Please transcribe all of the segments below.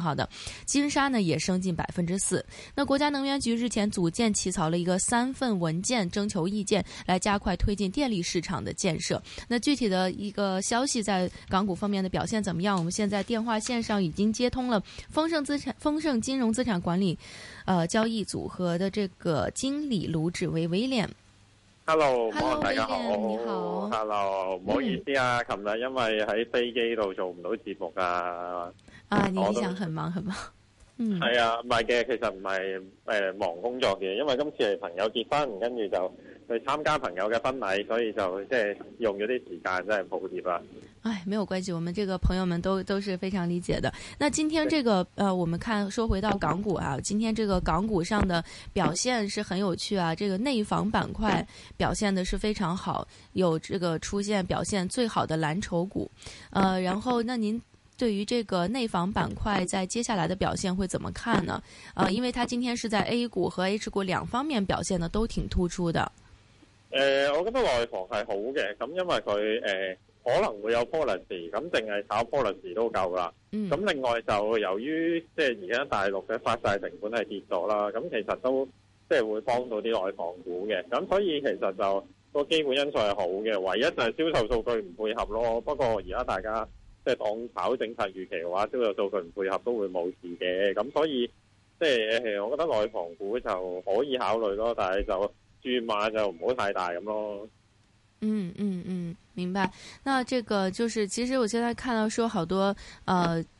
好的，金沙呢也升近百分之四。那國家能源局日前組建起草了一個三份文件徵求意見，來加快推進電力市場的建設。那具體的一個消息在港股方面的表現怎麼樣？我們現在電話線上已經接通了豐盛資產、豐盛金融資產管理，呃，交易組合的這個經理盧志威威廉。Hello，Hello，Hello，大家好，你好。Hello，唔好意思啊，琴日因為喺飛機度做唔到節目啊。啊！你理想很忙都很忙，嗯，係啊，唔係嘅，其實唔係誒忙工作嘅，因為今次係朋友結婚，跟住就去參加朋友嘅婚禮，所以就即係用咗啲時間，真係抱歉啦。唉、哎，沒有關係，我們這個朋友們都都是非常理解的。那今天這個，是呃，我們看，說回到港股啊，今天這個港股上的表現是很有趣啊，這個內房板塊表現的是非常好，有這個出現表現最好的藍籌股，呃，然後那您。對於這個內房板塊，在接下來的表現會怎麼看呢？啊、呃，因為它今天是在 A 股和 H 股兩方面表現得都挺突出的。誒、呃，我覺得內房係好嘅，咁因為佢誒、呃、可能會有 policy，咁淨係炒 policy 都夠啦。咁、嗯、另外就由於即係而家大陸嘅發債成本係跌咗啦，咁其實都即係、就是、會幫到啲內房股嘅。咁所以其實就個基本因素係好嘅，唯一就係銷售數據唔配合咯。不過而家大家，即係當炒政策預期嘅話，所有數據唔配合都會冇事嘅。咁所以即係我覺得內房股就可以考慮咯，但係就注碼就唔好太大咁咯。嗯嗯嗯，明白。那這個就是，其實我現在看到說好多，呃。嗯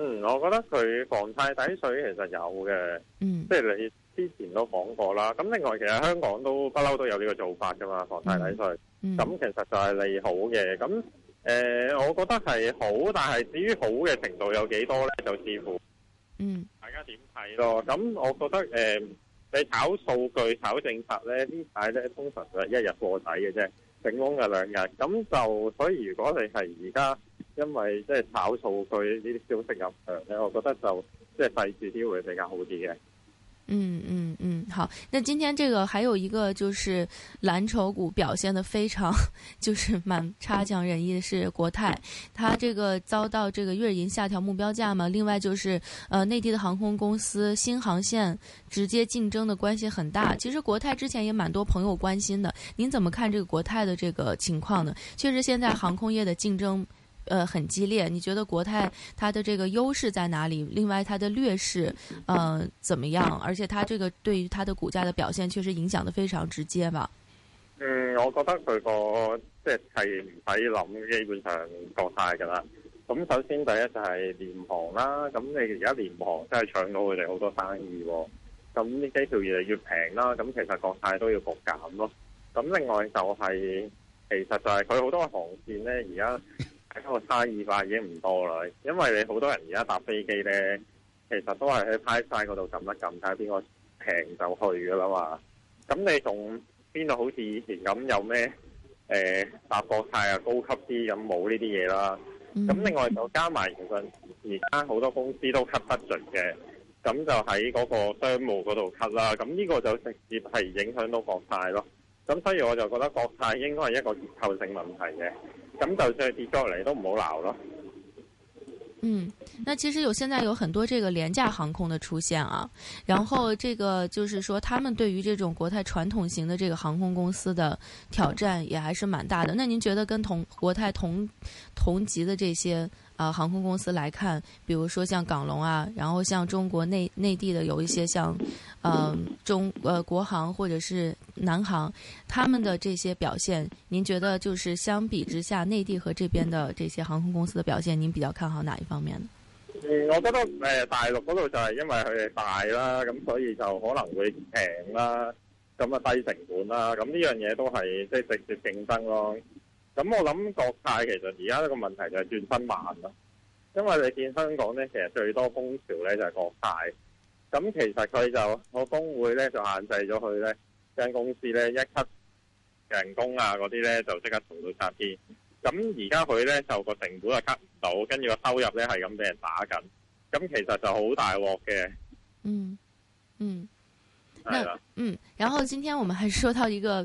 嗯，我覺得佢房貸抵稅其實有嘅，嗯，即係你之前都講過啦。咁另外，其實香港都不嬲都有呢個做法噶嘛，房貸抵稅。咁、嗯嗯、其實就係利好嘅。咁、呃、我覺得係好，但係至於好嘅程度有幾多咧，就視乎，嗯，大家點睇咯。咁我覺得、呃、你炒數據、炒政策咧，呢排嘢咧通常就一日過底嘅啫，整功嘅兩日。咁就所以，如果你係而家。因為即係炒數據呢啲消息入場咧，我覺得就即係細緻啲會比較好啲嘅。嗯嗯嗯，好。那今天這個還有一個就是藍籌股表現得非常，就是蠻差強人意嘅，是國泰。它這個遭到這個月銀下調目標價嘛。另外就是，呃，內地的航空公司新航綫直接競爭的關係很大。其實國泰之前也蠻多朋友關心的，您怎麼看這個國泰的這個情況呢？確實，現在航空業的競爭。呃，很激烈。你覺得國泰它的這個優勢在哪裏？另外它的劣勢，呃，怎麼樣？而且它這個對於它的股價的表現，確實影響得非常直接吧？嗯，我覺得佢、那個即係唔使諗，就是、基本上國泰噶啦。咁首先第一就係廉航啦，咁你而家廉航，航真係搶到佢哋好多生意，哦，咁呢幾條越嚟越平啦，咁其實國泰都要降減咯。咁另外就係、是，其實就係佢好多航線呢，而家。喺個差異化已經唔多啦，因為你好多人而家搭飛機咧，其實都係喺派曬嗰度撳一撳，睇下邊個平就去噶啦嘛。咁你仲，邊度好似以前咁有咩誒、呃、搭國泰啊高級啲咁冇呢啲嘢啦。咁、mm. 另外就加埋其實而家好多公司都 cut 得盡嘅，咁就喺嗰個商務嗰度 cut 啦。咁呢個就直接係影響到國泰咯。咁所以我就覺得國泰應該係一個結構性問題嘅，咁就算跌咗落嚟都唔好鬧咯。嗯，那其實有現在有很多這個廉價航空的出現啊，然後這個就是說，他們對於這種國泰傳統型的這個航空公司的挑戰也還是蠻大的。那您覺得跟同國泰同同級的這些？啊、呃，航空公司來看，比如說像港龍啊，然後像中國內內地的有一些像，呃中，呃國航或者是南航，他們的這些表現，您覺得就是相比之下，內地和這邊的這些航空公司的表現，您比較看好哪一方面呢？呢、嗯、我覺得誒、呃，大陸嗰度就係因為佢哋大啦，咁所以就可能會平啦，咁啊低成本啦，咁呢樣嘢都係即係直接競爭咯。咁我諗國泰其實而家呢個問題就係轉身慢咯，因為你見香港咧，其實最多風潮咧就係國泰，咁其實佢就個工會咧就限制咗佢咧間公司咧一 cut 人工啊嗰啲咧就即刻調到三千，咁而家佢咧就個成本又 cut 唔到，跟住個收入咧係咁俾人打緊，咁其實就好大鑊嘅。嗯嗯，嗯，然後今天我們還是說到一個。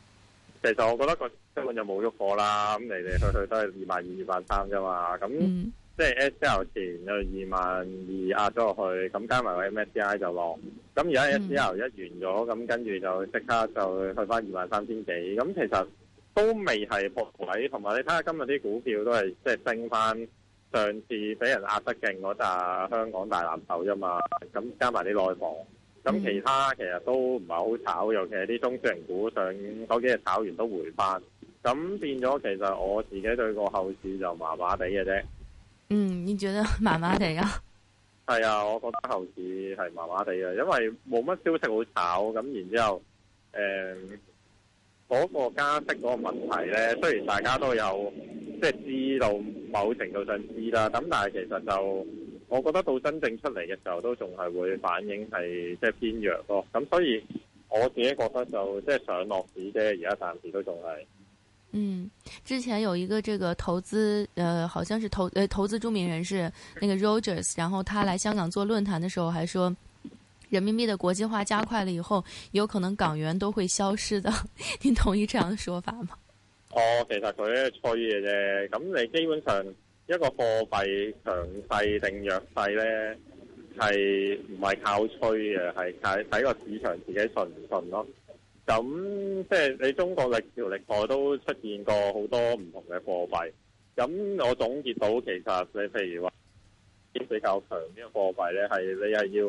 其實我覺得個根本就冇喐過啦，咁嚟嚟去去都係二萬二、二萬三啫嘛，咁即係 S L 前又二萬二壓咗落去，咁加埋位 MSCI 就落。咁而家 S L 一、嗯現在嗯、完咗，咁跟住就即刻就去翻二萬三千幾，咁其實都未係破位，同埋你睇下今日啲股票都係即係升翻上，上次俾人壓得勁嗰紮香港大藍籌啫嘛，咁加埋啲內房。咁、嗯、其他其實都唔係好炒，尤其係啲中小型股上嗰幾日炒完都回翻，咁變咗其實我自己對個後市就麻麻地嘅啫。嗯，你覺得麻麻地啊？係 啊，我覺得後市係麻麻地啊，因為冇乜消息好炒，咁然之後，誒、嗯、嗰、嗰個加息嗰個問題咧，雖然大家都有即係、就是、知道某程度上知啦，咁但係其實就。我覺得到真正出嚟嘅時候，都仲係會反映係即係偏弱咯、哦。咁所以我自己覺得就即係上落市啫，而家暫時都仲係。嗯，之前有一個這個投資，呃，好像是投呃投資著名人士，那個 Rogers，然後他嚟香港做論壇的時候，還說人民幣的國際化加快了以後，有可能港元都會消失的。您 同意這樣的說法嗎？哦，其實佢吹嘅啫，咁你基本上。一個貨幣強勢定弱勢咧，係唔係靠吹嘅，係睇睇個市場自己信唔信咯。咁即係你中國歷朝歷代都出現過好多唔同嘅貨幣。咁我總結到其實你譬如話啲比較強啲嘅貨幣咧，係你係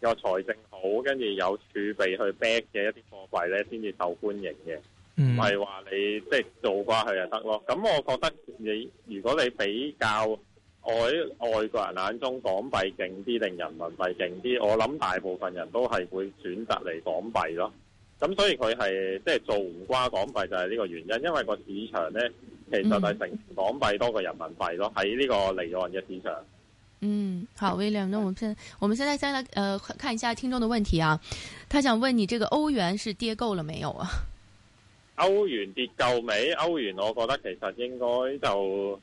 要個財政好，跟住有儲備去 back 嘅一啲貨幣咧，先至受歡迎嘅。唔係話你即係做瓜佢就得咯。咁我覺得你如果你比較外外國人眼中港幣勁啲定人民幣勁啲，我諗大部分人都係會選擇嚟港幣咯。咁所以佢係即係做唔瓜港幣就係呢個原因，因為個市場咧其實係成港幣多過人民幣咯喺呢個離岸嘅市場。嗯，好 William，那我們先，是我們先再嚟，呃，看一下聽眾的問題啊。他想問你，這個歐元是跌夠了沒有啊？歐元跌夠尾，歐元我覺得其實應該就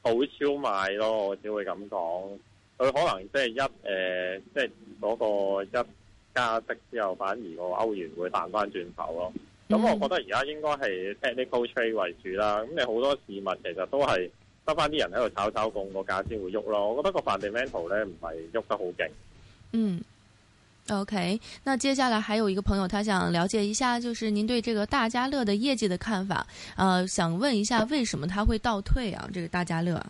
好超賣咯，我只會咁講。佢可能即係一誒、呃，即係嗰個一加息之後，反而個歐元會彈翻轉頭咯。咁我覺得而家應該係 technical trade 為主啦。咁你好多事物其實都係得翻啲人喺度炒炒共個價先會喐咯。我覺得個 fundamental 咧唔係喐得好勁。嗯。OK，那接下來還有一個朋友，他想了解一下，就是您對這個大家樂的業績的看法。啊、呃，想問一下，為什麼他會倒退啊？這個大家樂，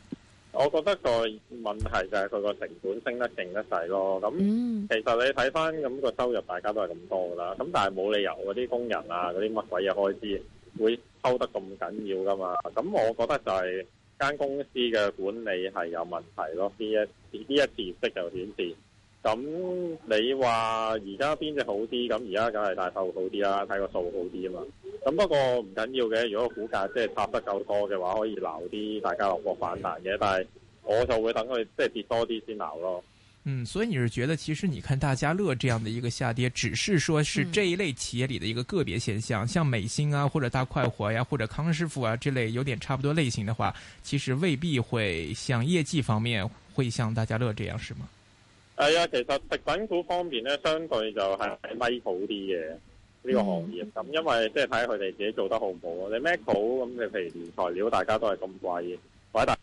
我覺得個問題就係佢個成本升得勁得滯咯。咁其實你睇翻咁個收入，大家都係咁多噶啦。咁但係冇理由嗰啲工人啊，嗰啲乜鬼嘢開支會抽得咁緊要噶嘛？咁我覺得就係間公司嘅管理係有問題咯。呢一呢一啲業績就顯示。咁你話而家邊隻好啲？咁而家梗係大快活好啲啦，睇個數好啲啊嘛。咁不過唔緊要嘅，如果股價即係差得夠多嘅話，可以撈啲大家樂搏個反彈嘅。但係我就會等佢即係跌多啲先撈咯。嗯，所以你是覺得，其實你看大家樂這樣的一個下跌，只是說是這一類企業裏的一個個別現象，嗯、像美心啊，或者大快活呀，啊，或者康師傅啊之類有點差不多類型的話，其實未必會像業績方面會像大家樂這樣，是嗎？係啊，其實食品股方面咧，相對就係 micro 啲嘅呢個行業。咁、嗯、因為即係睇下佢哋自己做得好唔好咯。你 macro 咁，你譬如原材料大家都係咁貴，嘅，係大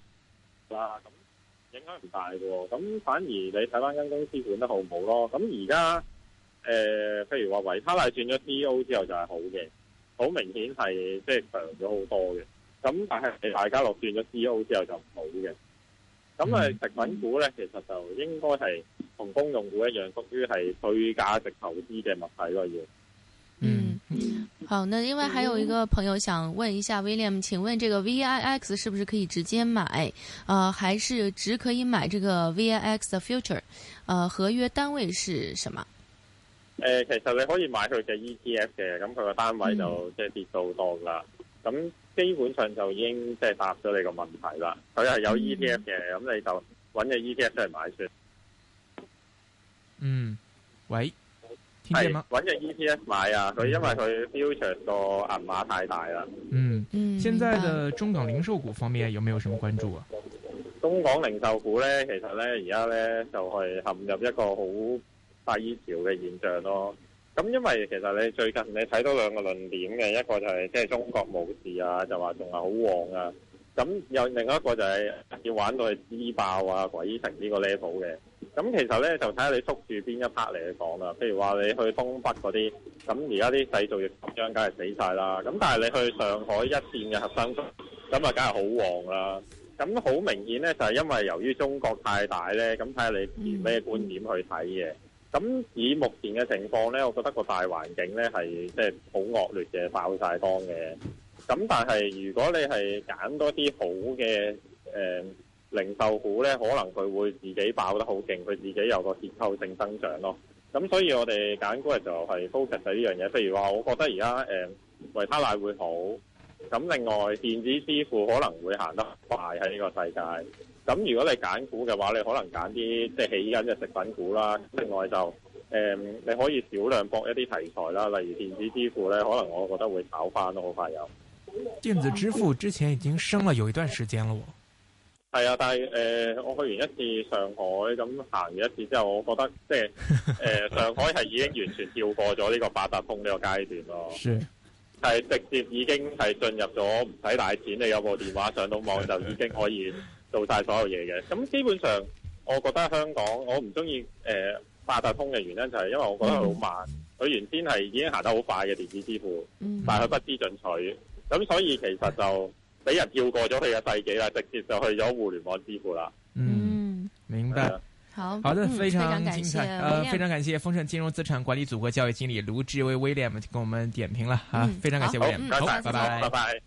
嗱，咁影響唔大嘅喎。咁反而你睇翻間公司管得好唔好咯。咁而家誒，譬如話維他奶轉咗 CEO 之後就係好嘅，好明顯係即係強咗好多嘅。咁但係大家樂轉咗 CEO 之後就唔好嘅。咁啊，食品股咧，其實就應該係同公用股一樣，屬於係對價值投資嘅物體咯，要、嗯。嗯好。那另外還有一個朋友想問一下、哦、William，請問這個 VIX 是不是可以直接買？啊、呃，還是只可以買這個 VIX 的 future？呃，合約單位是什麼？誒、呃，其實你可以買佢嘅 ETF 嘅，咁佢個單位就即係少多噶，咁、嗯。基本上就已經即係答咗你個問題啦。佢係有 E T F 嘅，咁你就揾隻 E T F 出嚟買算。嗯，喂，聽見嗎？揾隻 E T F 買啊！佢因為佢 future 個銀碼太大啦。嗯，現在嘅中港零售股方面有冇有什麼關注啊？嗯嗯嗯、中港零售股咧，其實咧而家咧就係、是、陷入一個好低潮嘅現象咯。咁因為其實你最近你睇到兩個論點嘅，一個就係即係中國冇事啊，就話仲係好旺啊。咁又另一個就係要玩到去資爆啊、鬼城呢個 level 嘅。咁其實咧就睇下你捉住邊一 part 嚟講啦。譬如話你去東北嗰啲，咁而家啲製造業廠梗係死晒啦。咁但係你去上海一線嘅核心區，咁啊梗係好旺啦。咁好明顯咧就係因為由於中國太大咧，咁睇下你咩觀點去睇嘅。咁以目前嘅情況咧，我覺得個大環境咧係即係好惡劣嘅，爆曬缸嘅。咁但係如果你係揀多啲好嘅、呃、零售股咧，可能佢會自己爆得好勁，佢自己有個結構性增長咯。咁所以我哋揀股嘅就係 focus 喺呢樣嘢。譬如話，我覺得而家、呃、維他奶會好。咁另外電子支付可能會行得快喺呢個世界。咁如果你揀股嘅話，你可能揀啲即係起緊嘅食品股啦。另外就誒、嗯，你可以少量博一啲題材啦，例如電子支付咧，可能我覺得會炒翻咯，好快有。電子支付之前已經升咗有一段時間咯、哦。係啊，但係誒、呃，我去完一次上海，咁行完一次之後，我覺得即係誒、呃，上海係已經完全跳過咗呢個八達通呢個階段咯。係是直接已經係進入咗唔使帶錢，你有部電話上到網 就已經可以。做晒所有嘢嘅，咁基本上我覺得香港我唔中意，誒，八達通嘅原因就係因為我覺得佢好慢，佢原先係已經行得好快嘅電子支付，但係佢不知進取，咁所以其實就俾人跳過咗佢嘅世紀啦，直接就去咗互聯網支付啦。嗯，明白。好好，非常感謝，非常感謝豐盛金融資產管理組合教育經理盧志威 William 跟我們點評啦，啊，非常感謝 William，拜拜。